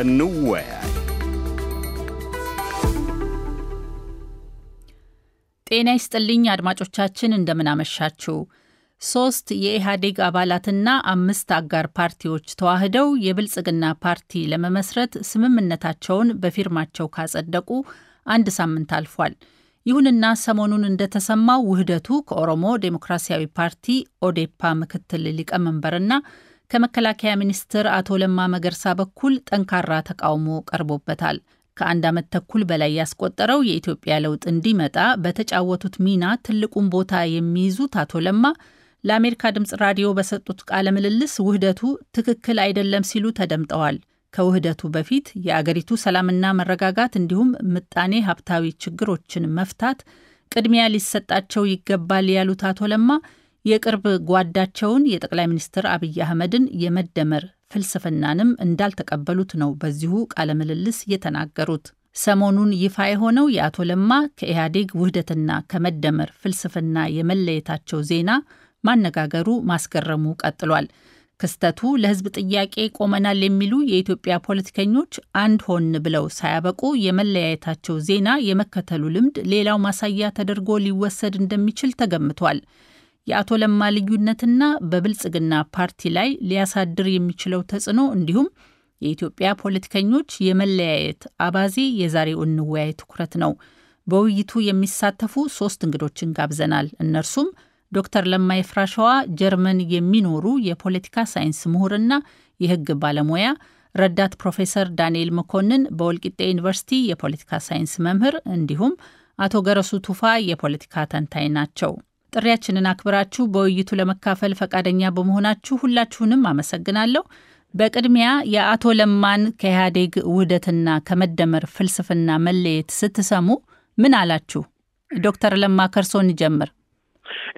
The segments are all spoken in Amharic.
እንወያይ። ጤና ይስጥልኝ አድማጮቻችን፣ እንደምናመሻችው ሶስት የኢህአዴግ አባላትና አምስት አጋር ፓርቲዎች ተዋህደው የብልጽግና ፓርቲ ለመመስረት ስምምነታቸውን በፊርማቸው ካጸደቁ አንድ ሳምንት አልፏል። ይሁንና ሰሞኑን እንደተሰማው ውህደቱ ከኦሮሞ ዴሞክራሲያዊ ፓርቲ ኦዴፓ ምክትል ሊቀመንበርና ከመከላከያ ሚኒስትር አቶ ለማ መገርሳ በኩል ጠንካራ ተቃውሞ ቀርቦበታል። ከአንድ ዓመት ተኩል በላይ ያስቆጠረው የኢትዮጵያ ለውጥ እንዲመጣ በተጫወቱት ሚና ትልቁን ቦታ የሚይዙት አቶ ለማ ለአሜሪካ ድምፅ ራዲዮ በሰጡት ቃለ ምልልስ ውህደቱ ትክክል አይደለም ሲሉ ተደምጠዋል። ከውህደቱ በፊት የአገሪቱ ሰላምና መረጋጋት እንዲሁም ምጣኔ ሀብታዊ ችግሮችን መፍታት ቅድሚያ ሊሰጣቸው ይገባል ያሉት አቶ ለማ የቅርብ ጓዳቸውን የጠቅላይ ሚኒስትር አብይ አህመድን የመደመር ፍልስፍናንም እንዳልተቀበሉት ነው በዚሁ ቃለ ምልልስ የተናገሩት። ሰሞኑን ይፋ የሆነው የአቶ ለማ ከኢህአዴግ ውህደትና ከመደመር ፍልስፍና የመለየታቸው ዜና ማነጋገሩ ማስገረሙ ቀጥሏል። ክስተቱ ለህዝብ ጥያቄ ቆመናል የሚሉ የኢትዮጵያ ፖለቲከኞች አንድ ሆን ብለው ሳያበቁ የመለያየታቸው ዜና የመከተሉ ልምድ ሌላው ማሳያ ተደርጎ ሊወሰድ እንደሚችል ተገምቷል። የአቶ ለማ ልዩነትና በብልጽግና ፓርቲ ላይ ሊያሳድር የሚችለው ተጽዕኖ እንዲሁም የኢትዮጵያ ፖለቲከኞች የመለያየት አባዜ የዛሬው እንወያይ ትኩረት ነው። በውይይቱ የሚሳተፉ ሶስት እንግዶችን ጋብዘናል። እነርሱም ዶክተር ለማ የፍራሸዋ ጀርመን የሚኖሩ የፖለቲካ ሳይንስ ምሁርና የሕግ ባለሙያ፣ ረዳት ፕሮፌሰር ዳንኤል መኮንን በወልቂጤ ዩኒቨርሲቲ የፖለቲካ ሳይንስ መምህር እንዲሁም አቶ ገረሱ ቱፋ የፖለቲካ ተንታኝ ናቸው። ጥሪያችንን አክብራችሁ በውይይቱ ለመካፈል ፈቃደኛ በመሆናችሁ ሁላችሁንም አመሰግናለሁ። በቅድሚያ የአቶ ለማን ከኢህአዴግ ውህደትና ከመደመር ፍልስፍና መለየት ስትሰሙ ምን አላችሁ? ዶክተር ለማ ከርሶን ጀምር።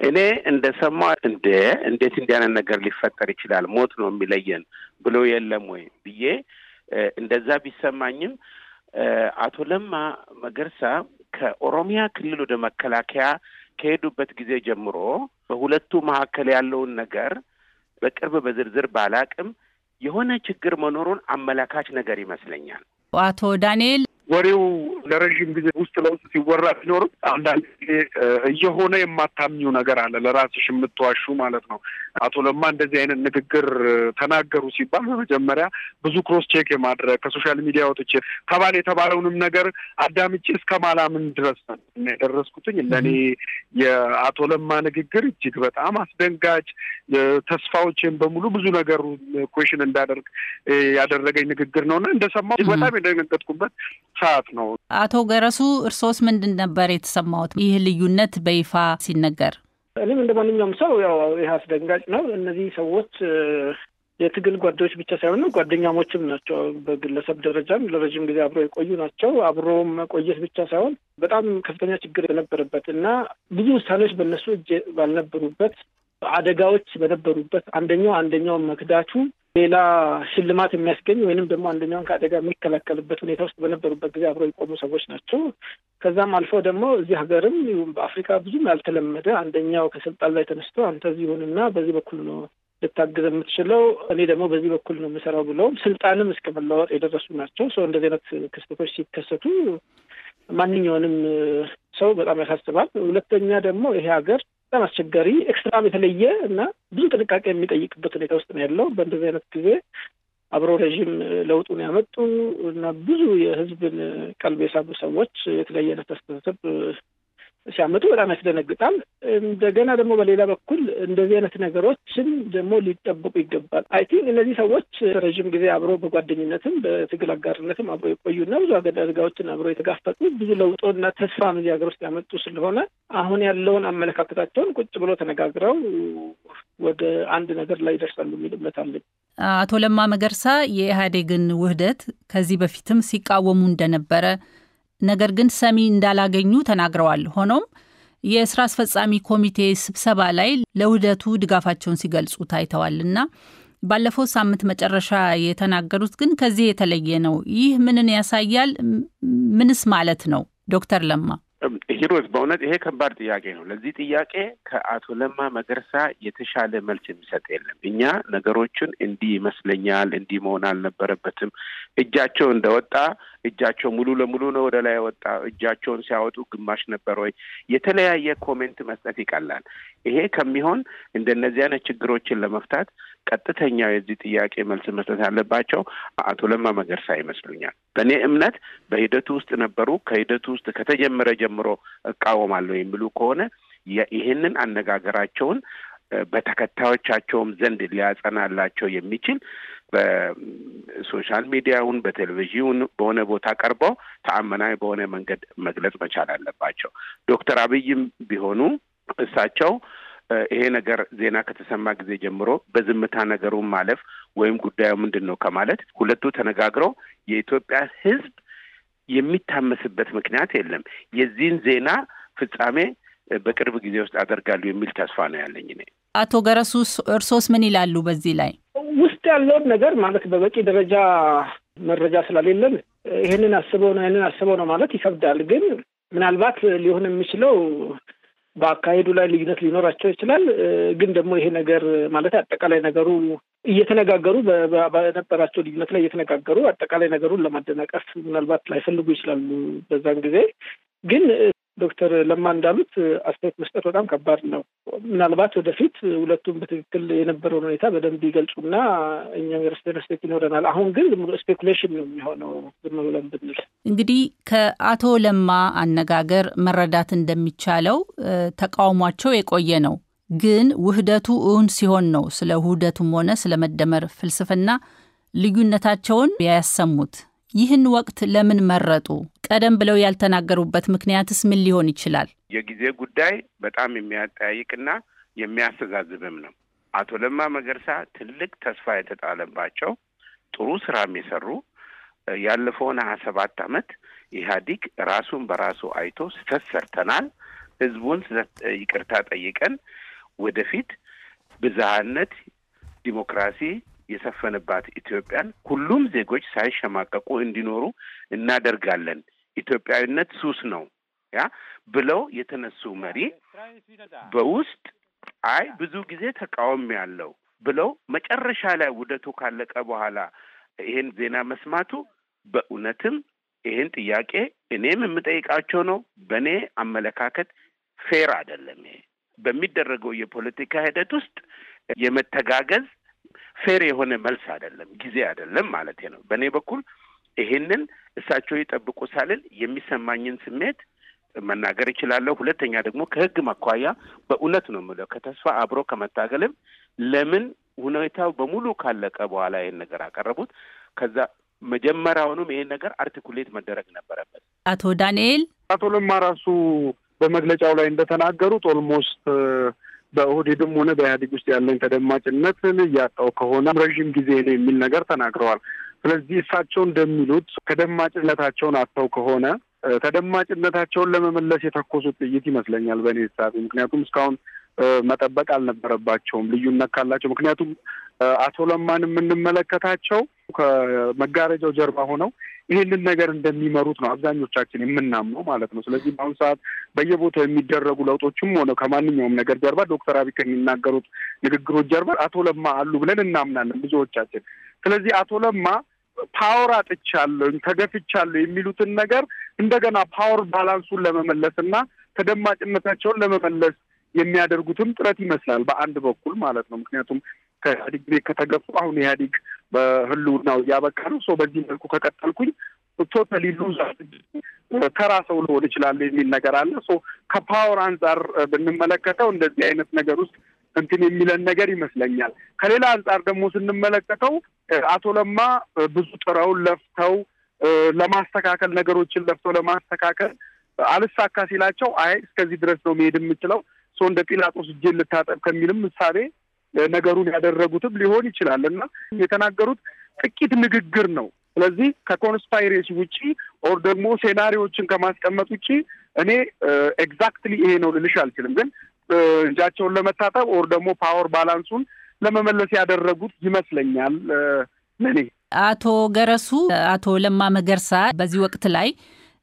እኔ እንደሰማ እንደ እንዴት እንዲያነ ነገር ሊፈጠር ይችላል ሞት ነው የሚለየን ብሎ የለም ወይ ብዬ እንደዛ ቢሰማኝም አቶ ለማ መገርሳ ከኦሮሚያ ክልል ወደ መከላከያ ከሄዱበት ጊዜ ጀምሮ በሁለቱ መካከል ያለውን ነገር በቅርብ በዝርዝር ባላቅም የሆነ ችግር መኖሩን አመላካች ነገር ይመስለኛል። አቶ ዳንኤል ወሬው ለረዥም ጊዜ ውስጥ ለውስጥ ሲወራ ቢኖርም አንዳንድ ጊዜ እየሆነ የማታምኙ ነገር አለ፣ ለራስሽ የምትዋሹ ማለት ነው። አቶ ለማ እንደዚህ አይነት ንግግር ተናገሩ ሲባል በመጀመሪያ ብዙ ክሮስ ቼክ የማድረግ ከሶሻል ሚዲያ ወጥቼ ተባለ የተባለውንም ነገር አዳምጬ እስከ ማላምን ድረስ የደረስኩትኝ ለእኔ የአቶ ለማ ንግግር እጅግ በጣም አስደንጋጭ ተስፋዎችን በሙሉ ብዙ ነገሩ ኩዌሽን እንዳደርግ ያደረገኝ ንግግር ነው እና እንደሰማሁ በጣም የደነገጥኩበት ሰዓት ነው። አቶ ገረሱ እርሶስ ምንድን ነበር የተሰማዎት ይህ ልዩነት በይፋ ሲነገር? እኔም እንደ ማንኛውም ሰው ያው ይህ አስደንጋጭ ነው። እነዚህ ሰዎች የትግል ጓደኞች ብቻ ሳይሆኑ ጓደኛሞችም ናቸው። በግለሰብ ደረጃም ለረዥም ጊዜ አብሮ የቆዩ ናቸው። አብሮ መቆየት ብቻ ሳይሆን በጣም ከፍተኛ ችግር የነበረበት እና ብዙ ውሳኔዎች በእነሱ እጅ ባልነበሩበት አደጋዎች በነበሩበት አንደኛው አንደኛው መክዳቱ ሌላ ሽልማት የሚያስገኝ ወይንም ደግሞ አንደኛውን ከአደጋ የሚከላከልበት ሁኔታ ውስጥ በነበሩበት ጊዜ አብረው የቆሙ ሰዎች ናቸው። ከዛም አልፎ ደግሞ እዚህ ሀገርም በአፍሪካ ብዙም ያልተለመደ አንደኛው ከስልጣን ላይ ተነስቶ አንተ እዚህ ሁንና በዚህ በኩል ነው ልታግዝ የምትችለው እኔ ደግሞ በዚህ በኩል ነው የምሰራው ብለውም ስልጣንም እስከ መለወጥ የደረሱ ናቸው። ሰው እንደዚህ አይነት ክስተቶች ሲከሰቱ ማንኛውንም ሰው በጣም ያሳስባል። ሁለተኛ ደግሞ ይሄ ሀገር በጣም አስቸጋሪ ኤክስትራም የተለየ እና ብዙ ጥንቃቄ የሚጠይቅበት ሁኔታ ውስጥ ነው ያለው። በእንደዚህ አይነት ጊዜ አብሮ ረዥም ለውጡን ያመጡ እና ብዙ የህዝብን ቀልብ የሳቡ ሰዎች የተለየ አይነት አስተሳሰብ ሲያመጡ በጣም ያስደነግጣል። እንደገና ደግሞ በሌላ በኩል እንደዚህ አይነት ነገሮችን ደግሞ ሊጠበቁ ይገባል። አይ ቲንክ እነዚህ ሰዎች ረዥም ጊዜ አብሮ በጓደኝነትም በትግል አጋርነትም አብሮ የቆዩና ብዙ አደጋዎችን አብሮ የተጋፈጡ ብዙ ለውጦና ተስፋ እዚህ ሀገር ውስጥ ያመጡ ስለሆነ አሁን ያለውን አመለካከታቸውን ቁጭ ብሎ ተነጋግረው ወደ አንድ ነገር ላይ ይደርሳሉ የሚል እምነት አለኝ። አቶ ለማ መገርሳ የኢህአዴግን ውህደት ከዚህ በፊትም ሲቃወሙ እንደነበረ ነገር ግን ሰሚ እንዳላገኙ ተናግረዋል። ሆኖም የስራ አስፈጻሚ ኮሚቴ ስብሰባ ላይ ለውህደቱ ድጋፋቸውን ሲገልጹ ታይተዋልና ባለፈው ሳምንት መጨረሻ የተናገሩት ግን ከዚህ የተለየ ነው። ይህ ምንን ያሳያል? ምንስ ማለት ነው? ዶክተር ለማ ሂሮት በእውነት ይሄ ከባድ ጥያቄ ነው። ለዚህ ጥያቄ ከአቶ ለማ መገርሳ የተሻለ መልስ የሚሰጥ የለም። እኛ ነገሮችን እንዲህ ይመስለኛል፣ እንዲህ መሆን አልነበረበትም፣ እጃቸው እንደወጣ እጃቸው ሙሉ ለሙሉ ነው ወደ ላይ ወጣ፣ እጃቸውን ሲያወጡ ግማሽ ነበር ወይ፣ የተለያየ ኮሜንት መስጠት ይቀላል። ይሄ ከሚሆን እንደነዚህ አይነት ችግሮችን ለመፍታት ቀጥተኛ የዚህ ጥያቄ መልስ መስጠት ያለባቸው አቶ ለማ መገርሳ ይመስሉኛል። በእኔ እምነት በሂደቱ ውስጥ ነበሩ። ከሂደቱ ውስጥ ከተጀመረ ጀምሮ እቃወማለሁ የሚሉ ከሆነ ይህንን አነጋገራቸውን በተከታዮቻቸውም ዘንድ ሊያጸናላቸው የሚችል በሶሻል ሚዲያውን በቴሌቪዥን በሆነ ቦታ ቀርበው ተአመናዊ በሆነ መንገድ መግለጽ መቻል አለባቸው። ዶክተር አብይም ቢሆኑ እሳቸው ይሄ ነገር ዜና ከተሰማ ጊዜ ጀምሮ በዝምታ ነገሩን ማለፍ ወይም ጉዳዩ ምንድን ነው ከማለት ሁለቱ ተነጋግረው የኢትዮጵያ ሕዝብ የሚታመስበት ምክንያት የለም። የዚህን ዜና ፍጻሜ በቅርብ ጊዜ ውስጥ አደርጋሉ የሚል ተስፋ ነው ያለኝ። እኔ አቶ ገረሱስ እርሶስ ምን ይላሉ? በዚህ ላይ ውስጥ ያለውን ነገር ማለት በበቂ ደረጃ መረጃ ስለሌለን ይህንን አስበው ነው ይህንን አስበው ነው ማለት ይከብዳል። ግን ምናልባት ሊሆን የሚችለው በአካሄዱ ላይ ልዩነት ሊኖራቸው ይችላል። ግን ደግሞ ይሄ ነገር ማለት አጠቃላይ ነገሩ እየተነጋገሩ በነበራቸው ልዩነት ላይ እየተነጋገሩ አጠቃላይ ነገሩን ለማደናቀፍ ምናልባት ላይፈልጉ ይችላሉ በዛን ጊዜ ግን ዶክተር ለማ እንዳሉት አስተያየት መስጠት በጣም ከባድ ነው። ምናልባት ወደፊት ሁለቱም በትክክል የነበረውን ሁኔታ በደንብ ይገልጹና እኛ የራሳችን ይኖረናል። አሁን ግን ስፔኩሌሽን ነው የሚሆነው ዝም ብለን ብንል። እንግዲህ ከአቶ ለማ አነጋገር መረዳት እንደሚቻለው ተቃውሟቸው የቆየ ነው። ግን ውህደቱ እውን ሲሆን ነው ስለ ውህደቱም ሆነ ስለ መደመር ፍልስፍና ልዩነታቸውን ያያሰሙት። ይህን ወቅት ለምን መረጡ? ቀደም ብለው ያልተናገሩበት ምክንያትስ ምን ሊሆን ይችላል? የጊዜ ጉዳይ በጣም የሚያጠያይቅና የሚያስተዛዝብም ነው። አቶ ለማ መገርሳ ትልቅ ተስፋ የተጣለባቸው ጥሩ ስራም የሰሩ ያለፈውን ሀያ ሰባት አመት ኢህአዲግ ራሱን በራሱ አይቶ ስህተት ሰርተናል፣ ህዝቡን ይቅርታ ጠይቀን ወደፊት ብዝሃነት፣ ዲሞክራሲ የሰፈነባት ኢትዮጵያን ሁሉም ዜጎች ሳይሸማቀቁ እንዲኖሩ እናደርጋለን፣ ኢትዮጵያዊነት ሱስ ነው ያ ብለው የተነሱ መሪ በውስጥ አይ ብዙ ጊዜ ተቃውሞ ያለው ብለው መጨረሻ ላይ ውደቱ ካለቀ በኋላ ይሄን ዜና መስማቱ በእውነትም ይሄን ጥያቄ እኔም የምጠይቃቸው ነው። በእኔ አመለካከት ፌር አይደለም። ይሄ በሚደረገው የፖለቲካ ሂደት ውስጥ የመተጋገዝ ፌር የሆነ መልስ አይደለም፣ ጊዜ አይደለም ማለት ነው። በእኔ በኩል ይሄንን እሳቸው ይጠብቁ ሳልል የሚሰማኝን ስሜት መናገር እችላለሁ። ሁለተኛ ደግሞ ከህግ አኳያ በእውነት ነው የምለው ከተስፋ አብሮ ከመታገልም ለምን ሁኔታው በሙሉ ካለቀ በኋላ ይህን ነገር አቀረቡት? ከዛ መጀመሪያውኑም ይሄን ነገር አርቲኩሌት መደረግ ነበረበት። አቶ ዳንኤል አቶ ለማ ራሱ በመግለጫው ላይ እንደተናገሩት ኦልሞስት በኦህዴድም ሆነ በኢህአዴግ ውስጥ ያለኝ ተደማጭነትን እያጣው ከሆነ ረዥም ጊዜ ነው የሚል ነገር ተናግረዋል። ስለዚህ እሳቸው እንደሚሉት ተደማጭነታቸውን አጥተው ከሆነ ተደማጭነታቸውን ለመመለስ የተኮሱት ጥይት ይመስለኛል በእኔ ህሳቤ። ምክንያቱም እስካሁን መጠበቅ አልነበረባቸውም ልዩነት ካላቸው ምክንያቱም አቶ ለማን የምንመለከታቸው ከመጋረጃው ጀርባ ሆነው ይህንን ነገር እንደሚመሩት ነው አብዛኞቻችን የምናምነው ማለት ነው። ስለዚህ በአሁኑ ሰዓት በየቦታው የሚደረጉ ለውጦችም ሆነ ከማንኛውም ነገር ጀርባ ዶክተር አብይ ከሚናገሩት ንግግሮች ጀርባ አቶ ለማ አሉ ብለን እናምናለን ብዙዎቻችን። ስለዚህ አቶ ለማ ፓወር አጥቻለሁ፣ ተገፍቻለሁ የሚሉትን ነገር እንደገና ፓወር ባላንሱን ለመመለስ እና ተደማጭነታቸውን ለመመለስ የሚያደርጉትም ጥረት ይመስላል በአንድ በኩል ማለት ነው ምክንያቱም ከኢህአዴግ ቤት ከተገፉ አሁን ኢህአዴግ በህልውናው እያበቃ ነው። ሰው በዚህ መልኩ ከቀጠልኩኝ ቶታሊ ሉዝ ተራ ሰው ልሆን ይችላሉ የሚል ነገር አለ። ሶ ከፓወር አንጻር ብንመለከተው እንደዚህ አይነት ነገር ውስጥ እንትን የሚለን ነገር ይመስለኛል። ከሌላ አንጻር ደግሞ ስንመለከተው አቶ ለማ ብዙ ጥረውን ለፍተው ለማስተካከል ነገሮችን ለፍተው ለማስተካከል አልሳካ ሲላቸው አይ እስከዚህ ድረስ ነው መሄድ የምችለው ሰው እንደ ጲላጦስ እጄን ልታጠብ ከሚልም ምሳሌ ነገሩን ያደረጉትም ሊሆን ይችላል እና የተናገሩት ጥቂት ንግግር ነው። ስለዚህ ከኮንስፓይሬሲ ውጪ ኦር ደግሞ ሴናሪዎችን ከማስቀመጥ ውጪ እኔ ኤግዛክትሊ ይሄ ነው ልልሽ አልችልም። ግን እጃቸውን ለመታጠብ ኦር ደግሞ ፓወር ባላንሱን ለመመለስ ያደረጉት ይመስለኛል ለእኔ። አቶ ገረሱ አቶ ለማ መገርሳ በዚህ ወቅት ላይ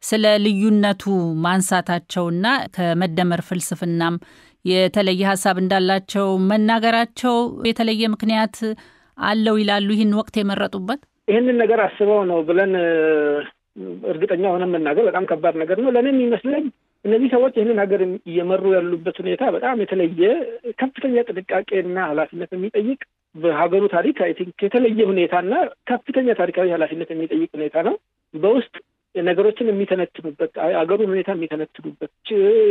ስለ ልዩነቱ ማንሳታቸውና ከመደመር ፍልስፍናም የተለየ ሀሳብ እንዳላቸው መናገራቸው የተለየ ምክንያት አለው ይላሉ። ይህን ወቅት የመረጡበት ይህንን ነገር አስበው ነው ብለን እርግጠኛ ሆነ መናገር በጣም ከባድ ነገር ነው። ለእኔ የሚመስለኝ እነዚህ ሰዎች ይህንን ሀገር እየመሩ ያሉበት ሁኔታ በጣም የተለየ ከፍተኛ ጥንቃቄና ኃላፊነት የሚጠይቅ በሀገሩ ታሪክ አይ ቲንክ የተለየ ሁኔታና ከፍተኛ ታሪካዊ ኃላፊነት የሚጠይቅ ሁኔታ ነው። በውስጥ ነገሮችን የሚተነትኑበት ሀገሩን ሁኔታ የሚተነትኑበት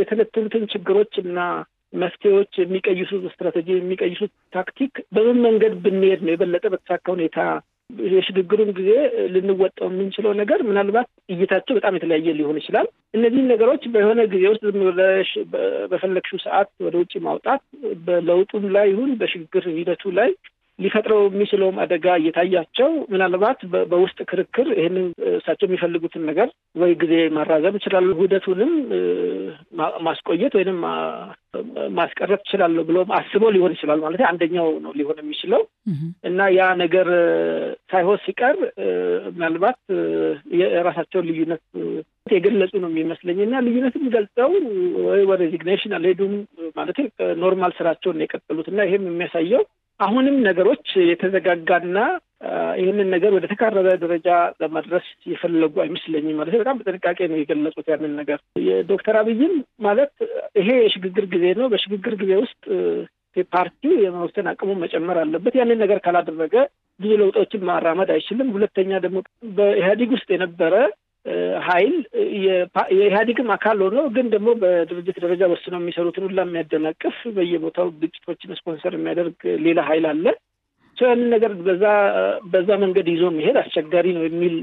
የተነትኑትን ችግሮች እና መፍትሄዎች የሚቀይሱት ስትራቴጂ የሚቀይሱት ታክቲክ በምን መንገድ ብንሄድ ነው የበለጠ በተሳካ ሁኔታ የሽግግሩን ጊዜ ልንወጣው የምንችለው ነገር ምናልባት እይታቸው በጣም የተለያየ ሊሆን ይችላል። እነዚህን ነገሮች በሆነ ጊዜ ውስጥ ዝም ብለሽ በፈለግሽው ሰዓት ወደ ውጭ ማውጣት በለውጡም ላይ ይሁን በሽግግር ሂደቱ ላይ ሊፈጥረው የሚችለውም አደጋ እየታያቸው ምናልባት በውስጥ ክርክር ይህንን እሳቸው የሚፈልጉትን ነገር ወይ ጊዜ ማራዘም ይችላሉ፣ ውህደቱንም ማስቆየት ወይንም ማስቀረት ይችላለሁ ብሎ አስቦ ሊሆን ይችላል ማለት አንደኛው ነው ሊሆን የሚችለው እና ያ ነገር ሳይሆን ሲቀር ምናልባት የራሳቸውን ልዩነት የገለጹ ነው የሚመስለኝ እና ልዩነት የሚገልጸው ወይ ወደ ሪዚግኔሽን አልሄዱም ማለት ኖርማል ስራቸውን የቀጠሉት እና ይሄም የሚያሳየው አሁንም ነገሮች የተዘጋጋና ይህንን ነገር ወደ ተካረረ ደረጃ ለመድረስ የፈለጉ አይመስለኝም። ማለት በጣም በጥንቃቄ ነው የገለጹት ያንን ነገር። የዶክተር አብይም ማለት ይሄ የሽግግር ጊዜ ነው። በሽግግር ጊዜ ውስጥ ፓርቲው የመወሰን አቅሙን መጨመር አለበት። ያንን ነገር ካላደረገ ብዙ ለውጦችን ማራመድ አይችልም። ሁለተኛ ደግሞ በኢህአዲግ ውስጥ የነበረ ኃይል የኢህአዴግም አካል ሆኖ ግን ደግሞ በድርጅት ደረጃ ወስነው የሚሰሩትን ሁላ የሚያደናቅፍ በየቦታው ግጭቶችን ስፖንሰር የሚያደርግ ሌላ ኃይል አለ። ያንን ነገር በዛ በዛ መንገድ ይዞ መሄድ አስቸጋሪ ነው የሚል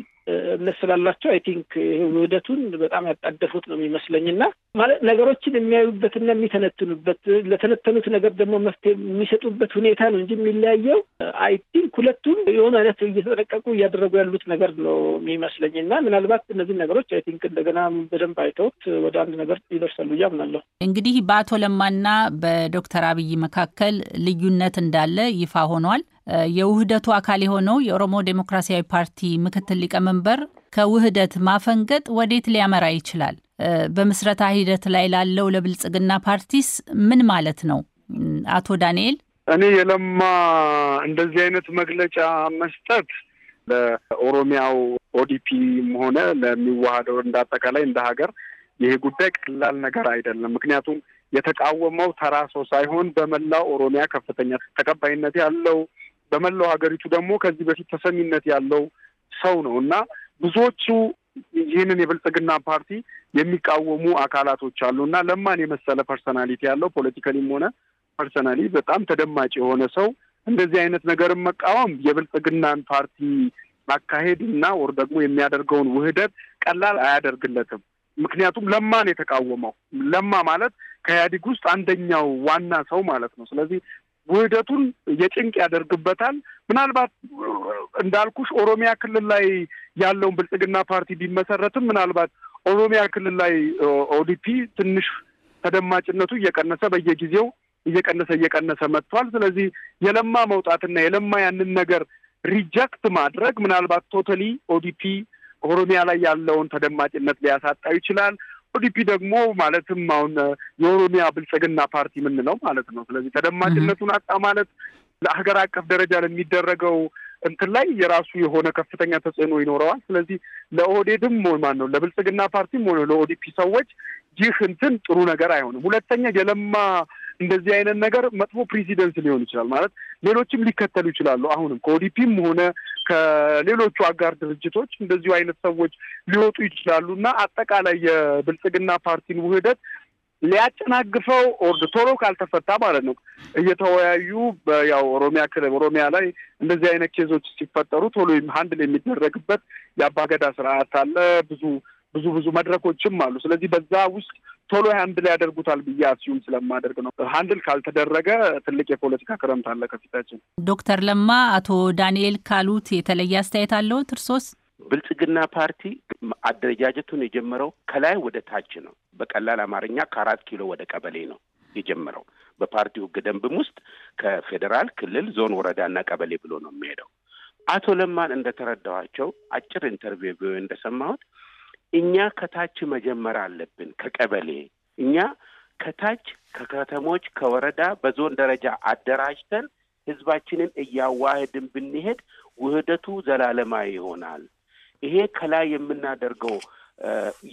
እምነት ስላላቸው አይ ቲንክ ውህደቱን በጣም ያጣደፉት ነው የሚመስለኝ እና ማለት ነገሮችን የሚያዩበትና የሚተነትኑበት ለተነተኑት ነገር ደግሞ መፍትሄ የሚሰጡበት ሁኔታ ነው እንጂ የሚለያየው አይ ቲንክ ሁለቱም የሆነ አይነት እየተጠነቀቁ እያደረጉ ያሉት ነገር ነው የሚመስለኝ እና ምናልባት እነዚህ ነገሮች አይ ቲንክ እንደገና በደንብ አይተውት ወደ አንድ ነገር ይደርሳሉ ብዬ አምናለሁ። እንግዲህ በአቶ ለማና በዶክተር አብይ መካከል ልዩነት እንዳለ ይፋ ሆኗል። የውህደቱ አካል የሆነው የኦሮሞ ዴሞክራሲያዊ ፓርቲ ምክትል ሊቀመንበር ከውህደት ማፈንገጥ ወዴት ሊያመራ ይችላል? በምስረታ ሂደት ላይ ላለው ለብልጽግና ፓርቲስ ምን ማለት ነው? አቶ ዳንኤል፣ እኔ የለማ እንደዚህ አይነት መግለጫ መስጠት ለኦሮሚያው ኦዲፒም ሆነ ለሚዋሃደው እንዳጠቃላይ እንደ ሀገር ይሄ ጉዳይ ቀላል ነገር አይደለም። ምክንያቱም የተቃወመው ተራ ሰው ሳይሆን በመላው ኦሮሚያ ከፍተኛ ተቀባይነት ያለው በመላው ሀገሪቱ ደግሞ ከዚህ በፊት ተሰሚነት ያለው ሰው ነው እና ብዙዎቹ ይህንን የብልጽግና ፓርቲ የሚቃወሙ አካላቶች አሉ እና ለማን የመሰለ ፐርሰናሊቲ ያለው ፖለቲካሊም ሆነ ፐርሰናሊ በጣም ተደማጭ የሆነ ሰው እንደዚህ አይነት ነገርን መቃወም የብልጽግናን ፓርቲ ማካሄድ እና ወር ደግሞ የሚያደርገውን ውህደት ቀላል አያደርግለትም። ምክንያቱም ለማን የተቃወመው ለማ ማለት ከኢህአዲግ ውስጥ አንደኛው ዋና ሰው ማለት ነው። ስለዚህ ውህደቱን የጭንቅ ያደርግበታል። ምናልባት እንዳልኩሽ ኦሮሚያ ክልል ላይ ያለውን ብልጽግና ፓርቲ ቢመሰረትም ምናልባት ኦሮሚያ ክልል ላይ ኦዲፒ ትንሽ ተደማጭነቱ እየቀነሰ በየጊዜው እየቀነሰ እየቀነሰ መጥቷል። ስለዚህ የለማ መውጣትና የለማ ያንን ነገር ሪጀክት ማድረግ ምናልባት ቶታሊ ኦዲፒ ኦሮሚያ ላይ ያለውን ተደማጭነት ሊያሳጣው ይችላል። ኦዲፒ ደግሞ ማለትም አሁን የኦሮሚያ ብልጽግና ፓርቲ የምንለው ማለት ነው። ስለዚህ ተደማጭነቱን አጣ ማለት ለሀገር አቀፍ ደረጃ ለሚደረገው እንትን ላይ የራሱ የሆነ ከፍተኛ ተጽዕኖ ይኖረዋል። ስለዚህ ለኦህዴድም ማን ነው ለብልጽግና ፓርቲም ሆነ ለኦዲፒ ሰዎች ይህ እንትን ጥሩ ነገር አይሆንም። ሁለተኛ የለማ እንደዚህ አይነት ነገር መጥፎ ፕሬዚደንት ሊሆን ይችላል ማለት ሌሎችም ሊከተሉ ይችላሉ። አሁንም ከኦዲፒም ሆነ ከሌሎቹ አጋር ድርጅቶች እንደዚሁ አይነት ሰዎች ሊወጡ ይችላሉ እና አጠቃላይ የብልጽግና ፓርቲን ውህደት ሊያጨናግፈው ኦርድ ቶሎ ካልተፈታ ማለት ነው። እየተወያዩ ያው ኦሮሚያ ክልል ኦሮሚያ ላይ እንደዚህ አይነት ኬዞች ሲፈጠሩ ቶሎ ሀንድል የሚደረግበት የአባገዳ ስርዓት አለ። ብዙ ብዙ ብዙ መድረኮችም አሉ። ስለዚህ በዛ ውስጥ ቶሎ ሃንድል ያደርጉታል ብዬ አስዩም ስለማደርግ ነው። ሀንድል ካልተደረገ ትልቅ የፖለቲካ ክረምት አለ ከፊታችን። ዶክተር ለማ አቶ ዳንኤል ካሉት የተለየ አስተያየት አለዎት እርሶስ? ብልጽግና ፓርቲ አደረጃጀቱን የጀመረው ከላይ ወደ ታች ነው። በቀላል አማርኛ ከአራት ኪሎ ወደ ቀበሌ ነው የጀመረው። በፓርቲው ሕገ ደንብም ውስጥ ከፌዴራል፣ ክልል፣ ዞን፣ ወረዳና ቀበሌ ብሎ ነው የሚሄደው። አቶ ለማን እንደተረዳኋቸው አጭር ኢንተርቪው ቪ እንደሰማሁት እኛ ከታች መጀመር አለብን። ከቀበሌ እኛ ከታች ከከተሞች፣ ከወረዳ፣ በዞን ደረጃ አደራጅተን ህዝባችንን እያዋህድን ብንሄድ ውህደቱ ዘላለማዊ ይሆናል። ይሄ ከላይ የምናደርገው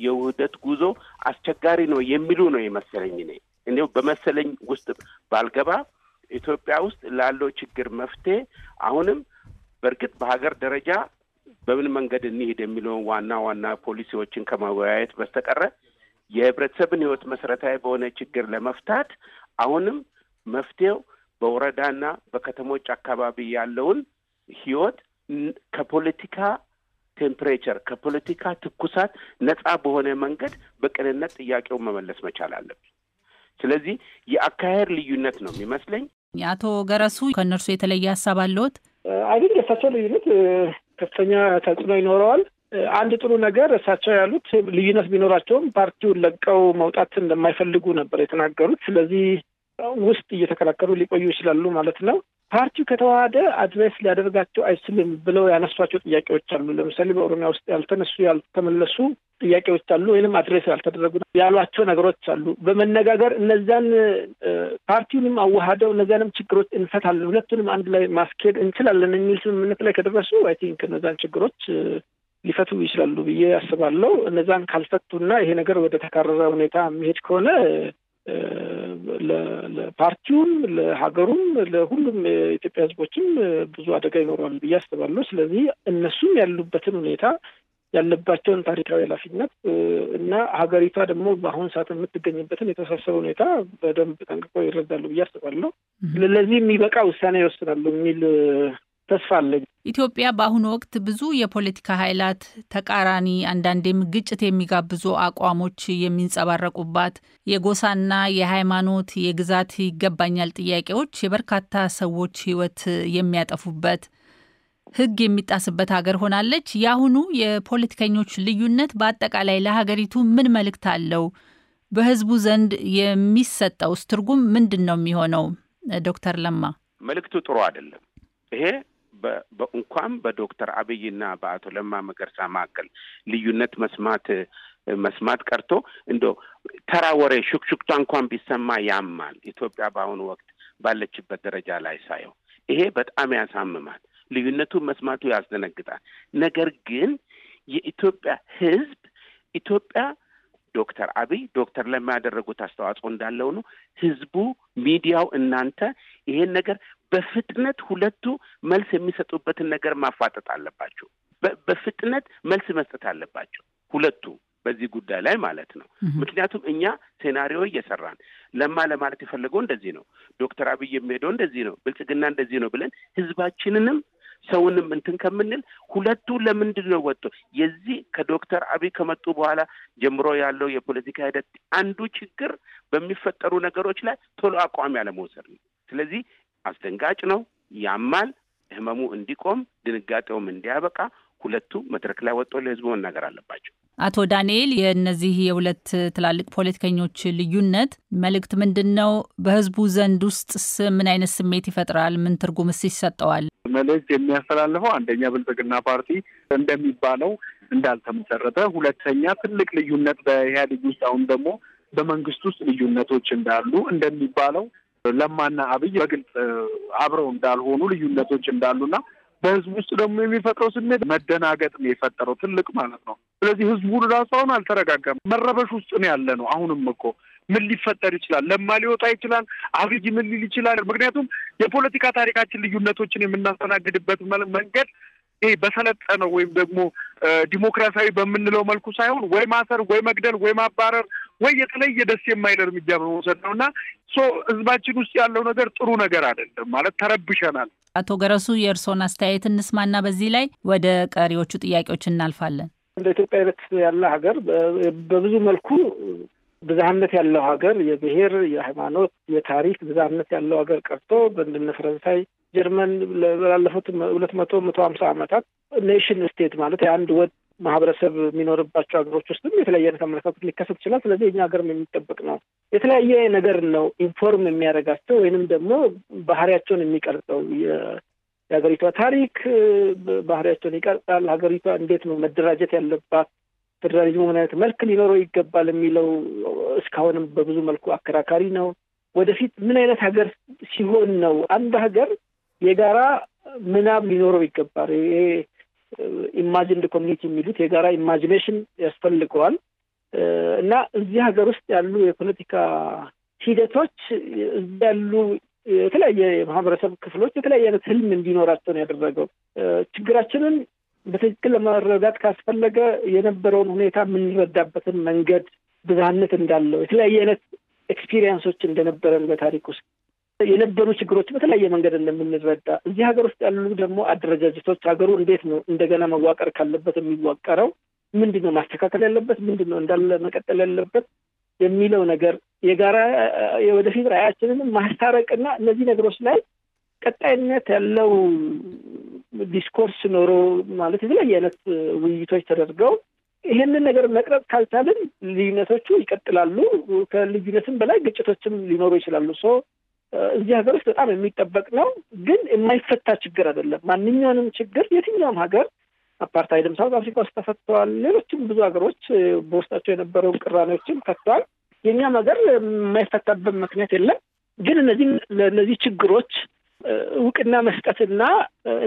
የውህደት ጉዞ አስቸጋሪ ነው የሚሉ ነው የመሰለኝ። ነ እንዲያው በመሰለኝ ውስጥ ባልገባ ኢትዮጵያ ውስጥ ላለው ችግር መፍትሄ አሁንም በእርግጥ በሀገር ደረጃ በምን መንገድ እንሂድ የሚለውን ዋና ዋና ፖሊሲዎችን ከመወያየት በስተቀረ የህብረተሰብን ህይወት መሰረታዊ በሆነ ችግር ለመፍታት አሁንም መፍትሄው በወረዳና በከተሞች አካባቢ ያለውን ህይወት ከፖለቲካ ቴምፕሬቸር ከፖለቲካ ትኩሳት ነጻ በሆነ መንገድ በቅንነት ጥያቄውን መመለስ መቻል አለብን። ስለዚህ የአካሄድ ልዩነት ነው የሚመስለኝ። አቶ ገረሱ ከእነርሱ የተለየ ሀሳብ አለዎት? አይ የእሳቸው ልዩነት ከፍተኛ ተጽዕኖ ይኖረዋል። አንድ ጥሩ ነገር እሳቸው ያሉት ልዩነት ቢኖራቸውም ፓርቲውን ለቀው መውጣት እንደማይፈልጉ ነበር የተናገሩት። ስለዚህ ውስጥ እየተከላከሉ ሊቆዩ ይችላሉ ማለት ነው። ፓርቲው ከተዋህደ አድሬስ ሊያደርጋቸው አይችልም ብለው ያነሷቸው ጥያቄዎች አሉ። ለምሳሌ በኦሮሚያ ውስጥ ያልተነሱ ያልተመለሱ ጥያቄዎች አሉ ወይም አድሬስ ያልተደረጉ ያሏቸው ነገሮች አሉ። በመነጋገር እነዛን ፓርቲውንም አዋሃደው እነዚንም ችግሮች እንፈታለን፣ ሁለቱንም አንድ ላይ ማስኬድ እንችላለን የሚል ስምምነት ላይ ከደረሱ አይ ቲንክ እነዛን ችግሮች ሊፈቱ ይችላሉ ብዬ አስባለሁ። እነዛን ካልፈቱና ይሄ ነገር ወደ ተካረረ ሁኔታ የሚሄድ ከሆነ ለፓርቲውም፣ ለሀገሩም፣ ለሁሉም የኢትዮጵያ ሕዝቦችም ብዙ አደጋ ይኖረዋል ብዬ አስባለሁ። ስለዚህ እነሱም ያሉበትን ሁኔታ ያለባቸውን ታሪካዊ ኃላፊነት እና ሀገሪቷ ደግሞ በአሁኑ ሰዓት የምትገኝበትን የተወሳሰበ ሁኔታ በደንብ ጠንቅቆ ይረዳሉ ብዬ አስባለሁ። ለዚህ የሚበቃ ውሳኔ ይወስናሉ የሚል ተስፋ አለኝ። ኢትዮጵያ በአሁኑ ወቅት ብዙ የፖለቲካ ኃይላት ተቃራኒ፣ አንዳንዴም ግጭት የሚጋብዙ አቋሞች የሚንጸባረቁባት የጎሳና የሃይማኖት የግዛት ይገባኛል ጥያቄዎች የበርካታ ሰዎች ሕይወት የሚያጠፉበት ህግ የሚጣስበት ሀገር ሆናለች። የአሁኑ የፖለቲከኞች ልዩነት በአጠቃላይ ለሀገሪቱ ምን መልእክት አለው? በህዝቡ ዘንድ የሚሰጠውስ ትርጉም ምንድን ነው የሚሆነው? ዶክተር ለማ መልእክቱ ጥሩ አይደለም። ይሄ እንኳን በዶክተር አብይና በአቶ ለማ መገርሳ መካከል ልዩነት መስማት መስማት ቀርቶ እንደ ተራ ወሬ ሹክሹክቷ እንኳን ቢሰማ ያማል። ኢትዮጵያ በአሁኑ ወቅት ባለችበት ደረጃ ላይ ሳየው ይሄ በጣም ያሳምማል። ልዩነቱን መስማቱ ያስደነግጣል። ነገር ግን የኢትዮጵያ ህዝብ ኢትዮጵያ ዶክተር አብይ ዶክተር ለማ ያደረጉት አስተዋጽኦ እንዳለው ነው። ህዝቡ፣ ሚዲያው፣ እናንተ ይሄን ነገር በፍጥነት ሁለቱ መልስ የሚሰጡበትን ነገር ማፋጠጥ አለባቸው። በፍጥነት መልስ መስጠት አለባቸው ሁለቱ በዚህ ጉዳይ ላይ ማለት ነው። ምክንያቱም እኛ ሴናሪዮ እየሰራን ለማ ለማለት የፈለገው እንደዚህ ነው፣ ዶክተር አብይ የሚሄደው እንደዚህ ነው፣ ብልጽግና እንደዚህ ነው ብለን ህዝባችንንም ሰውንም እንትን ከምንል ሁለቱ ለምንድን ነው ወጡ? የዚህ ከዶክተር አብይ ከመጡ በኋላ ጀምሮ ያለው የፖለቲካ ሂደት አንዱ ችግር በሚፈጠሩ ነገሮች ላይ ቶሎ አቋም ያለመውሰድ ነው። ስለዚህ አስደንጋጭ ነው፣ ያማል። ህመሙ እንዲቆም ድንጋጤውም እንዲያበቃ ሁለቱ መድረክ ላይ ወጥቶ ለህዝቡ መናገር አለባቸው። አቶ ዳንኤል የእነዚህ የሁለት ትላልቅ ፖለቲከኞች ልዩነት መልእክት ምንድን ነው? በህዝቡ ዘንድ ውስጥስ ምን አይነት ስሜት ይፈጥራል? ምን ትርጉምስ ይሰጠዋል? መልእክት የሚያስተላልፈው አንደኛ ብልጽግና ፓርቲ እንደሚባለው እንዳልተመሰረተ፣ ሁለተኛ ትልቅ ልዩነት በኢህአዴግ ውስጥ አሁን ደግሞ በመንግስት ውስጥ ልዩነቶች እንዳሉ እንደሚባለው ለማና አብይ በግልጽ አብረው እንዳልሆኑ ልዩነቶች እንዳሉና በህዝብ ውስጥ ደግሞ የሚፈጥረው ስሜት መደናገጥ ነው የፈጠረው ትልቅ ማለት ነው። ስለዚህ ህዝቡ ራሱ አሁን አልተረጋጋም፣ መረበሽ ውስጥ ነው ያለ ነው። አሁንም እኮ ምን ሊፈጠር ይችላል? ለማ ሊወጣ ይችላል? አብይ ምን ሊል ይችላል? ምክንያቱም የፖለቲካ ታሪካችን ልዩነቶችን የምናስተናግድበት መንገድ ይሄ በሰለጠነው ወይም ደግሞ ዲሞክራሲያዊ በምንለው መልኩ ሳይሆን ወይ ማሰር፣ ወይ መግደል፣ ወይ ማባረር፣ ወይ የተለየ ደስ የማይል እርምጃ በመውሰድ ነው እና ሶ ህዝባችን ውስጥ ያለው ነገር ጥሩ ነገር አይደለም ማለት ተረብሸናል። አቶ ገረሱ የእርስዎን አስተያየት እንስማና በዚህ ላይ ወደ ቀሪዎቹ ጥያቄዎች እናልፋለን። እንደ ኢትዮጵያ አይነት ያለ ሀገር በብዙ መልኩ ብዝሃነት ያለው ሀገር የብሔር፣ የሃይማኖት፣ የታሪክ ብዝሃነት ያለው ሀገር ቀርቶ በእንድነ ፈረንሳይ፣ ጀርመን ላለፉት ሁለት መቶ መቶ ሀምሳ ዓመታት ኔሽን ስቴት ማለት የአንድ ወጥ ማህበረሰብ የሚኖርባቸው ሀገሮች ውስጥም የተለያየ አይነት አመለካከት ሊከሰት ይችላል። ስለዚህ የኛ ሀገርም የሚጠበቅ ነው። የተለያየ ነገር ነው ኢንፎርም የሚያደርጋቸው ወይንም ደግሞ ባህሪያቸውን የሚቀርጸው የሀገሪቷ ታሪክ ባህሪያቸውን ይቀርጻል። ሀገሪቷ እንዴት ነው መደራጀት ያለባት ፌዴራሊዝሙ ምን አይነት መልክ ሊኖረው ይገባል የሚለው እስካሁንም በብዙ መልኩ አከራካሪ ነው። ወደፊት ምን አይነት ሀገር ሲሆን ነው አንድ ሀገር የጋራ ምናብ ሊኖረው ይገባል። ይሄ ኢማጂንድ ኮሚኒቲ የሚሉት የጋራ ኢማጂኔሽን ያስፈልገዋል እና እዚህ ሀገር ውስጥ ያሉ የፖለቲካ ሂደቶች ያሉ የተለያየ የማህበረሰብ ክፍሎች የተለያየ አይነት ህልም እንዲኖራቸው ነው ያደረገው። ችግራችንን በትክክል ለመረዳት ካስፈለገ የነበረውን ሁኔታ የምንረዳበትን መንገድ ብዝሃነት እንዳለው የተለያየ አይነት ኤክስፒሪየንሶች እንደነበረን በታሪክ ውስጥ የነበሩ ችግሮች በተለያየ መንገድ እንደምንረዳ እዚህ ሀገር ውስጥ ያሉ ደግሞ አደረጃጀቶች ሀገሩ እንዴት ነው እንደገና መዋቀር ካለበት የሚዋቀረው ምንድን ነው ማስተካከል ያለበት ምንድን ነው እንዳለ መቀጠል ያለበት የሚለው ነገር የጋራ የወደፊት ራዕያችንንም ማስታረቅና እነዚህ ነገሮች ላይ ቀጣይነት ያለው ዲስኮርስ ኖሮ ማለት የተለያየ አይነት ውይይቶች ተደርገው ይሄንን ነገር መቅረጽ ካልቻልን ልዩነቶቹ ይቀጥላሉ። ከልዩነትም በላይ ግጭቶችም ሊኖሩ ይችላሉ። ሶ እዚህ ሀገር ውስጥ በጣም የሚጠበቅ ነው፣ ግን የማይፈታ ችግር አይደለም። ማንኛውንም ችግር የትኛውም ሀገር አፓርታይድም ሳውት አፍሪካ ውስጥ ተፈተዋል። ሌሎችም ብዙ ሀገሮች በውስጣቸው የነበረውን ቅራኔዎችም ፈተዋል። የእኛም ሀገር የማይፈታበት ምክንያት የለም። ግን እነዚህ ለእነዚህ ችግሮች እውቅና መስጠትና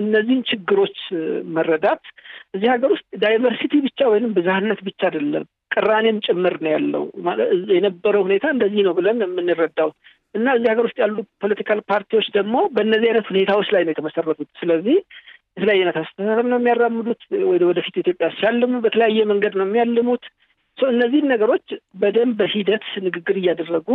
እነዚህን ችግሮች መረዳት እዚህ ሀገር ውስጥ ዳይቨርሲቲ ብቻ ወይም ብዝሃነት ብቻ አይደለም፣ ቅራኔም ጭምር ነው ያለው። የነበረው ሁኔታ እንደዚህ ነው ብለን የምንረዳው እና እዚህ ሀገር ውስጥ ያሉ ፖለቲካል ፓርቲዎች ደግሞ በእነዚህ አይነት ሁኔታዎች ላይ ነው የተመሰረቱት። ስለዚህ የተለያየ አይነት አስተሳሰብ ነው የሚያራምዱት። ወደ ወደፊት ኢትዮጵያ ሲያልሙ በተለያየ መንገድ ነው የሚያልሙት። እነዚህን ነገሮች በደንብ በሂደት ንግግር እያደረጉ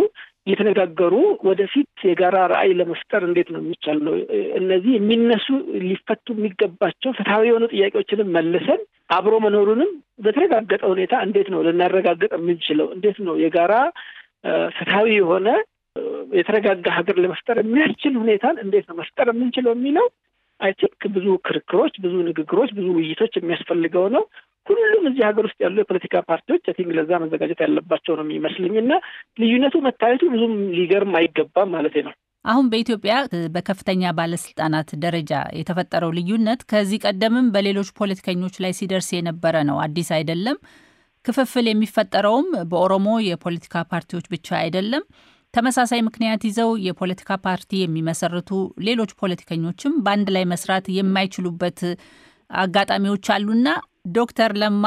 እየተነጋገሩ ወደፊት የጋራ ራዕይ ለመፍጠር እንዴት ነው የሚቻለው? እነዚህ የሚነሱ ሊፈቱ የሚገባቸው ፍትሐዊ የሆኑ ጥያቄዎችንም መልሰን አብሮ መኖሩንም በተረጋገጠ ሁኔታ እንዴት ነው ልናረጋግጥ የምንችለው? እንዴት ነው የጋራ ፍትሐዊ የሆነ የተረጋጋ ሀገር ለመፍጠር የሚያስችል ሁኔታን እንዴት ነው መፍጠር የምንችለው የሚለው አይ ቲንክ ብዙ ክርክሮች፣ ብዙ ንግግሮች፣ ብዙ ውይይቶች የሚያስፈልገው ነው። ሁሉም እዚህ ሀገር ውስጥ ያሉ የፖለቲካ ፓርቲዎች ቲንግ ለዛ መዘጋጀት ያለባቸው ነው የሚመስልኝ እና ልዩነቱ መታየቱ ብዙም ሊገርም አይገባም ማለት ነው። አሁን በኢትዮጵያ በከፍተኛ ባለስልጣናት ደረጃ የተፈጠረው ልዩነት ከዚህ ቀደምም በሌሎች ፖለቲከኞች ላይ ሲደርስ የነበረ ነው፣ አዲስ አይደለም። ክፍፍል የሚፈጠረውም በኦሮሞ የፖለቲካ ፓርቲዎች ብቻ አይደለም። ተመሳሳይ ምክንያት ይዘው የፖለቲካ ፓርቲ የሚመሰርቱ ሌሎች ፖለቲከኞችም በአንድ ላይ መስራት የማይችሉበት አጋጣሚዎች አሉና ዶክተር ለማ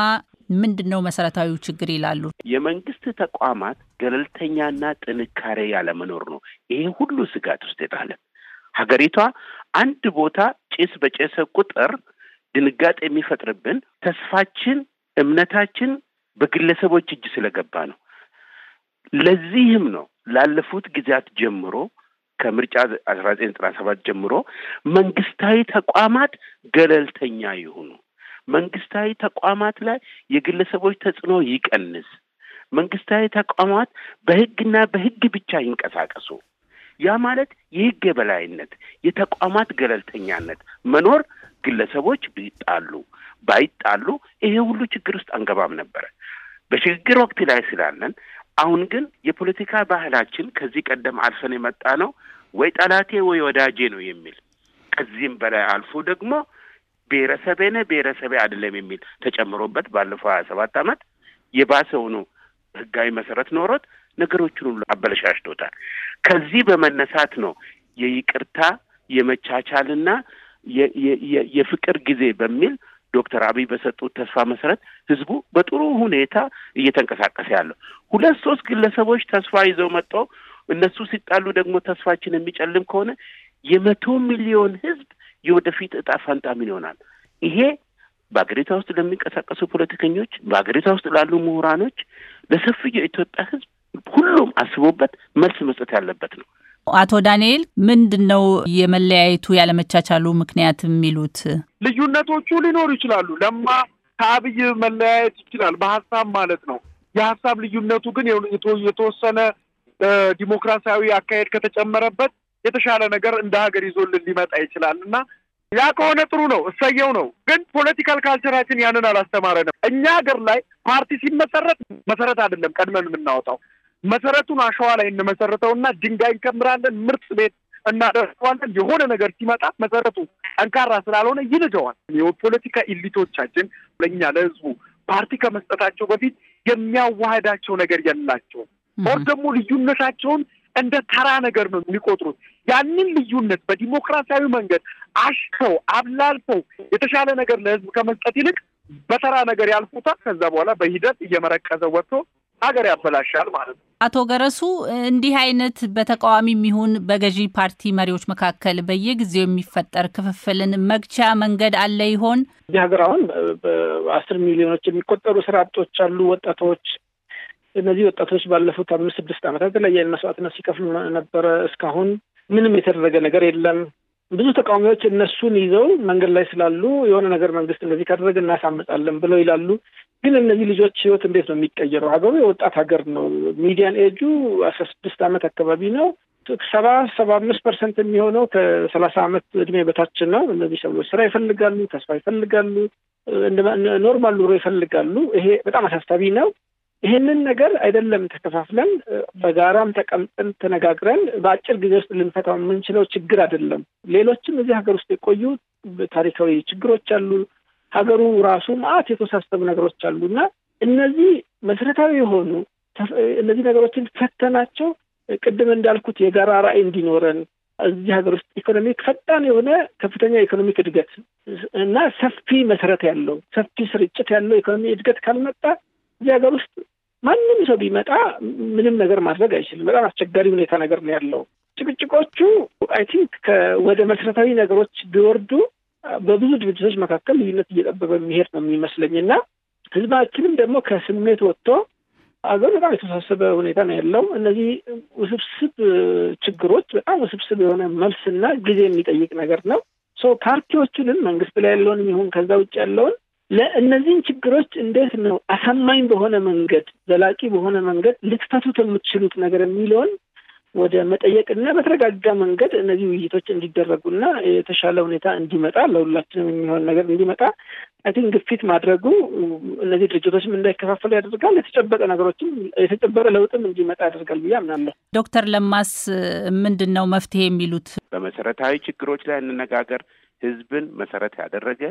ምንድን ነው መሰረታዊ ችግር ይላሉ? የመንግስት ተቋማት ገለልተኛና ጥንካሬ ያለመኖር ነው። ይሄ ሁሉ ስጋት ውስጥ የጣለን ሀገሪቷ አንድ ቦታ ጭስ በጨሰ ቁጥር ድንጋጤ የሚፈጥርብን ተስፋችን፣ እምነታችን በግለሰቦች እጅ ስለገባ ነው። ለዚህም ነው ላለፉት ጊዜያት ጀምሮ ከምርጫ አስራ ዘጠኝ ዘጠና ሰባት ጀምሮ መንግስታዊ ተቋማት ገለልተኛ ይሁኑ መንግስታዊ ተቋማት ላይ የግለሰቦች ተጽዕኖ ይቀንስ። መንግስታዊ ተቋማት በህግና በህግ ብቻ ይንቀሳቀሱ። ያ ማለት የህግ የበላይነት፣ የተቋማት ገለልተኛነት መኖር ግለሰቦች ቢጣሉ ባይጣሉ ይሄ ሁሉ ችግር ውስጥ አንገባም ነበረ። በሽግግር ወቅት ላይ ስላለን አሁን ግን የፖለቲካ ባህላችን ከዚህ ቀደም አልፈን የመጣ ነው ወይ ጠላቴ ወይ ወዳጄ ነው የሚል ከዚህም በላይ አልፎ ደግሞ ብሔረሰቤ ነህ ብሔረሰቤ አይደለም የሚል ተጨምሮበት ባለፈው ሀያ ሰባት ዓመት የባሰውኑ ህጋዊ መሰረት ኖሮት ነገሮችን ሁሉ አበለሻሽቶታል። ከዚህ በመነሳት ነው የይቅርታ የመቻቻልና የፍቅር ጊዜ በሚል ዶክተር አብይ በሰጡት ተስፋ መሰረት ህዝቡ በጥሩ ሁኔታ እየተንቀሳቀሰ ያለው። ሁለት ሶስት ግለሰቦች ተስፋ ይዘው መጥተው እነሱ ሲጣሉ ደግሞ ተስፋችን የሚጨልም ከሆነ የመቶ ሚሊዮን ህዝብ የወደፊት እጣ ፈንታም ይሆናል። ይሄ በአገሪቷ ውስጥ ለሚንቀሳቀሱ ፖለቲከኞች፣ በአገሪቷ ውስጥ ላሉ ምሁራኖች፣ ለሰፊው የኢትዮጵያ ህዝብ ሁሉም አስቦበት መልስ መስጠት ያለበት ነው። አቶ ዳንኤል ምንድን ነው የመለያየቱ ያለመቻቻሉ ምክንያት የሚሉት? ልዩነቶቹ ሊኖሩ ይችላሉ። ለማ ከአብይ መለያየት ይችላል በሀሳብ ማለት ነው። የሀሳብ ልዩነቱ ግን የተወሰነ ዲሞክራሲያዊ አካሄድ ከተጨመረበት የተሻለ ነገር እንደ ሀገር ይዞልን ሊመጣ ይችላል እና ያ ከሆነ ጥሩ ነው፣ እሰየው ነው። ግን ፖለቲካል ካልቸራችን ያንን አላስተማረንም። እኛ ሀገር ላይ ፓርቲ ሲመሰረት መሰረት አይደለም ቀድመን የምናወጣው መሰረቱን አሸዋ ላይ እንመሰረተውና ድንጋይ እንከምራለን፣ ምርጥ ቤት እናደርገዋለን። የሆነ ነገር ሲመጣ መሰረቱ ጠንካራ ስላልሆነ ይንደዋል። የፖለቲካ ኢሊቶቻችን ለእኛ ለህዝቡ ፓርቲ ከመስጠታቸው በፊት የሚያዋህዳቸው ነገር የላቸውም። ኦር ደግሞ ልዩነታቸውን እንደ ተራ ነገር ነው የሚቆጥሩት። ያንን ልዩነት በዲሞክራሲያዊ መንገድ አሽተው አብላልተው የተሻለ ነገር ለህዝብ ከመስጠት ይልቅ በተራ ነገር ያልፉታል። ከዛ በኋላ በሂደት እየመረቀዘ ወጥቶ ሀገር ያበላሻል ማለት ነው። አቶ ገረሱ እንዲህ አይነት በተቃዋሚ የሚሆን በገዢ ፓርቲ መሪዎች መካከል በየጊዜው የሚፈጠር ክፍፍልን መግቻ መንገድ አለ ይሆን? እዚህ ሀገር አሁን በአስር ሚሊዮኖች የሚቆጠሩ ስራ አጦች አሉ። ወጣቶች እነዚህ ወጣቶች ባለፉት አምስት ስድስት ዓመታት የተለያየ መስዋዕትነት ሲከፍሉ ነበረ። እስካሁን ምንም የተደረገ ነገር የለም። ብዙ ተቃዋሚዎች እነሱን ይዘው መንገድ ላይ ስላሉ የሆነ ነገር መንግስት እንደዚህ ካደረገ እናሳምጣለን ብለው ይላሉ። ግን እነዚህ ልጆች ህይወት እንዴት ነው የሚቀየረው? ሀገሩ የወጣት ሀገር ነው። ሚዲያን ኤጁ አስራ ስድስት ዓመት አካባቢ ነው። ሰባ ሰባ አምስት ፐርሰንት የሚሆነው ከሰላሳ ዓመት እድሜ በታች ነው። እነዚህ ሰዎች ስራ ይፈልጋሉ፣ ተስፋ ይፈልጋሉ፣ ኖርማል ኑሮ ይፈልጋሉ። ይሄ በጣም አሳሳቢ ነው። ይህንን ነገር አይደለም ተከፋፍለን በጋራም ተቀምጠን ተነጋግረን በአጭር ጊዜ ውስጥ ልንፈታው የምንችለው ችግር አይደለም። ሌሎችም እዚህ ሀገር ውስጥ የቆዩ ታሪካዊ ችግሮች አሉ። ሀገሩ ራሱ ማአት የተወሳሰቡ ነገሮች አሉ እና እነዚህ መሰረታዊ የሆኑ እነዚህ ነገሮችን ፈተናቸው ቅድም እንዳልኩት የጋራ ራዕይ እንዲኖረን እዚህ ሀገር ውስጥ ኢኮኖሚክ ፈጣን የሆነ ከፍተኛ ኢኮኖሚክ እድገት እና ሰፊ መሰረት ያለው ሰፊ ስርጭት ያለው ኢኮኖሚ እድገት ካልመጣ እዚህ ሀገር ውስጥ ማንም ሰው ቢመጣ ምንም ነገር ማድረግ አይችልም። በጣም አስቸጋሪ ሁኔታ ነገር ነው ያለው። ጭቅጭቆቹ አይ ቲንክ ወደ መሰረታዊ ነገሮች ቢወርዱ በብዙ ድርጅቶች መካከል ልዩነት እየጠበበ የሚሄድ ነው የሚመስለኝ እና ህዝባችንም ደግሞ ከስሜት ወጥቶ አገር በጣም የተሳሰበ ሁኔታ ነው ያለው። እነዚህ ውስብስብ ችግሮች በጣም ውስብስብ የሆነ መልስና ጊዜ የሚጠይቅ ነገር ነው። ሶ ፓርቲዎቹንም መንግስት ላይ ያለውን ይሁን ከዛ ውጭ ያለውን ለእነዚህን ችግሮች እንዴት ነው አሳማኝ በሆነ መንገድ ዘላቂ በሆነ መንገድ ልትፈቱት የምትችሉት ነገር የሚለውን ወደ መጠየቅና በተረጋጋ መንገድ እነዚህ ውይይቶች እንዲደረጉና የተሻለ ሁኔታ እንዲመጣ ለሁላችንም የሚሆን ነገር እንዲመጣ አይን ግፊት ማድረጉ እነዚህ ድርጅቶችም እንዳይከፋፈሉ ያደርጋል። የተጨበጠ ነገሮችም የተጨበረ ለውጥም እንዲመጣ ያደርጋል ብዬ አምናለሁ። ዶክተር ለማስ ምንድን ነው መፍትሄ የሚሉት? በመሰረታዊ ችግሮች ላይ እንነጋገር፣ ህዝብን መሰረት ያደረገ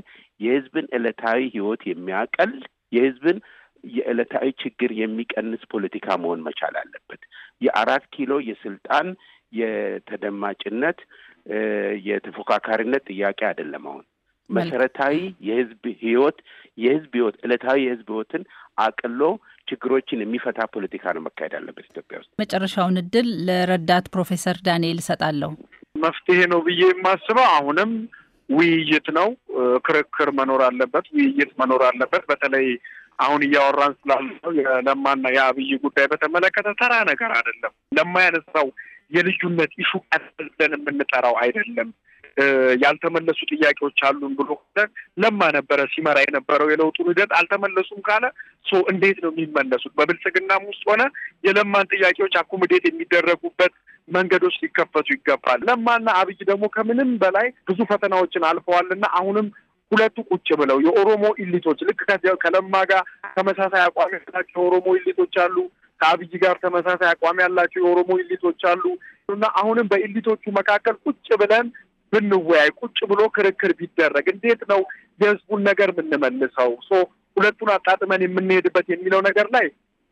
የህዝብን ዕለታዊ ህይወት የሚያቀል የህዝብን የዕለታዊ ችግር የሚቀንስ ፖለቲካ መሆን መቻል አለበት። የአራት ኪሎ የስልጣን የተደማጭነት የተፎካካሪነት ጥያቄ አይደለም። አሁን መሰረታዊ የህዝብ ህይወት የህዝብ ህይወት ዕለታዊ የህዝብ ህይወትን አቅሎ ችግሮችን የሚፈታ ፖለቲካ ነው መካሄድ አለበት ኢትዮጵያ ውስጥ። መጨረሻውን እድል ለረዳት ፕሮፌሰር ዳንኤል እሰጣለሁ። መፍትሄ ነው ብዬ የማስበው አሁንም ውይይት ነው። ክርክር መኖር አለበት። ውይይት መኖር አለበት። በተለይ አሁን እያወራን ስላለው የለማና የአብይ ጉዳይ በተመለከተ ተራ ነገር አይደለም። ለማ ያነሳው የልዩነት ኢሹ ብለን የምንጠራው አይደለም። ያልተመለሱ ጥያቄዎች አሉን ብሎ ለማ ነበረ ሲመራ የነበረው የለውጡን ሂደት አልተመለሱም ካለ ሶ እንዴት ነው የሚመለሱት? በብልጽግናም ውስጥ ሆነ የለማን ጥያቄዎች አኮሞዴት የሚደረጉበት መንገዶች ሊከፈቱ ይገባል። ለማና አብይ ደግሞ ከምንም በላይ ብዙ ፈተናዎችን አልፈዋልና አሁንም ሁለቱ ቁጭ ብለው የኦሮሞ ኢሊቶች ልክ ከለማ ጋር ተመሳሳይ አቋም ያላቸው የኦሮሞ ኢሊቶች አሉ። ከአብይ ጋር ተመሳሳይ አቋም ያላቸው የኦሮሞ ኢሊቶች አሉ እና አሁንም በኢሊቶቹ መካከል ቁጭ ብለን ብንወያይ ቁጭ ብሎ ክርክር ቢደረግ እንዴት ነው የህዝቡን ነገር የምንመልሰው ሶ ሁለቱን አጣጥመን የምንሄድበት የሚለው ነገር ላይ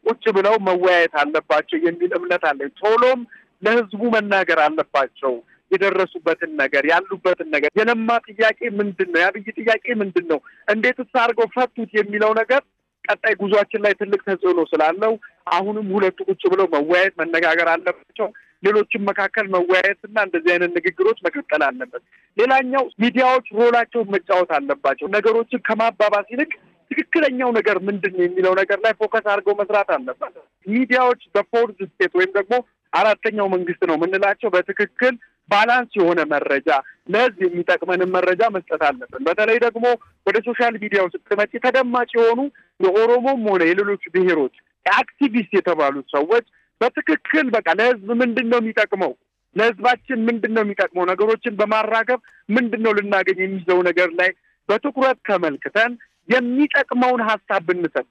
ቁጭ ብለው መወያየት አለባቸው የሚል እምነት አለኝ። ቶሎም ለህዝቡ መናገር አለባቸው። የደረሱበትን ነገር ያሉበትን ነገር የለማ ጥያቄ ምንድን ነው? የአብይ ጥያቄ ምንድን ነው? እንዴትስ አድርገው ፈቱት የሚለው ነገር ቀጣይ ጉዟችን ላይ ትልቅ ተጽዕኖ ስላለው አሁንም ሁለቱ ቁጭ ብለው መወያየት መነጋገር አለባቸው። ሌሎችም መካከል መወያየትና እንደዚህ አይነት ንግግሮች መቀጠል አለበት። ሌላኛው ሚዲያዎች ሮላቸውን መጫወት አለባቸው። ነገሮችን ከማባባስ ይልቅ ትክክለኛው ነገር ምንድን ነው የሚለው ነገር ላይ ፎከስ አድርገው መስራት አለባቸው። ሚዲያዎች በፎርድ ስቴት ወይም ደግሞ አራተኛው መንግስት ነው የምንላቸው በትክክል ባላንስ የሆነ መረጃ ለህዝብ የሚጠቅመንን መረጃ መስጠት አለብን። በተለይ ደግሞ ወደ ሶሻል ሚዲያው ስትመጪ ተደማጭ የሆኑ የኦሮሞም ሆነ የሌሎች ብሔሮች አክቲቪስት የተባሉት ሰዎች በትክክል በቃ ለህዝብ ምንድን ነው የሚጠቅመው፣ ለህዝባችን ምንድን ነው የሚጠቅመው፣ ነገሮችን በማራገብ ምንድን ነው ልናገኝ የሚይዘው ነገር ላይ በትኩረት ተመልክተን የሚጠቅመውን ሀሳብ ብንሰጥ፣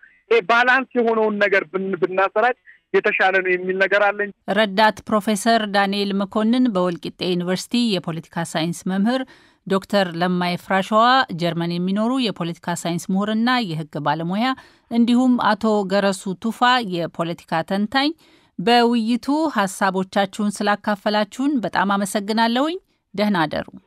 ባላንስ የሆነውን ነገር ብናሰራጭ የተሻለ ነው የሚል ነገር አለኝ። ረዳት ፕሮፌሰር ዳንኤል መኮንን በወልቂጤ ዩኒቨርሲቲ የፖለቲካ ሳይንስ መምህር፣ ዶክተር ለማይ ፍራሸዋ ጀርመን የሚኖሩ የፖለቲካ ሳይንስ ምሁርና የህግ ባለሙያ እንዲሁም አቶ ገረሱ ቱፋ የፖለቲካ ተንታኝ በውይይቱ ሀሳቦቻችሁን ስላካፈላችሁን በጣም አመሰግናለሁኝ። ደህና አደሩ።